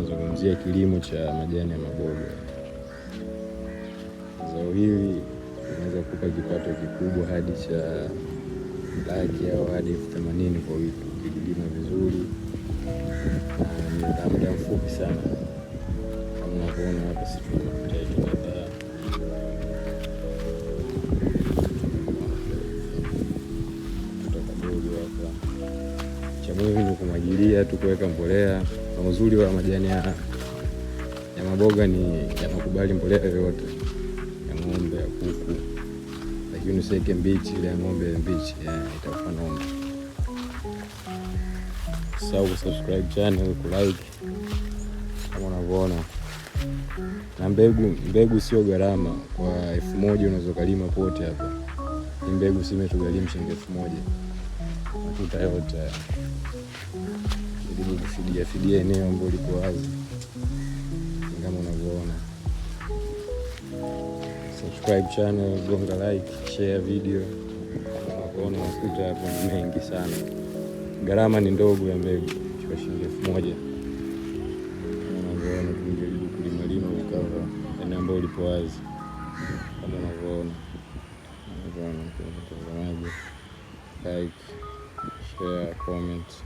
tunazungumzia kilimo cha majani ya maboga. Zao hili linaweza kupa kipato kikubwa hadi cha laki au hadi elfu themanini kwa wiki ukilima vizuri, na ni muda mfupi sana, kama unavyoona hapa situtaitukataa hapa cha muhimu ni kumwagilia tu, kuweka mbolea. Na uzuri wa majani ya, ya maboga ni yanakubali mbolea yoyote ya ng'ombe, ya kuku, lakini usiweke mbichi. Ile ya ng'ombe mbichi itakufa ng'ombe. Usisahau kusubscribe channel, kulike kama unavyoona na mbegu, mbegu sio gharama. Kwa elfu moja unaweza kulima pote hapa. Ni mbegu simetugharimu shilingi elfu moja ukakuta hewa tayari. Jaribu kufidia fidia eneo ambalo liko wazi kama unavyoona. Subscribe channel, gonga like, share video. Unavyoona mafuta hapo ni mengi sana, gharama ni ndogo ya mbegu kwa shilingi elfu moja. Unavyoona tungejaribu kulimalima ukawa eneo ambalo lipo wazi kama unavyoona. Unavyoona mtazamaji, like yeah, comment.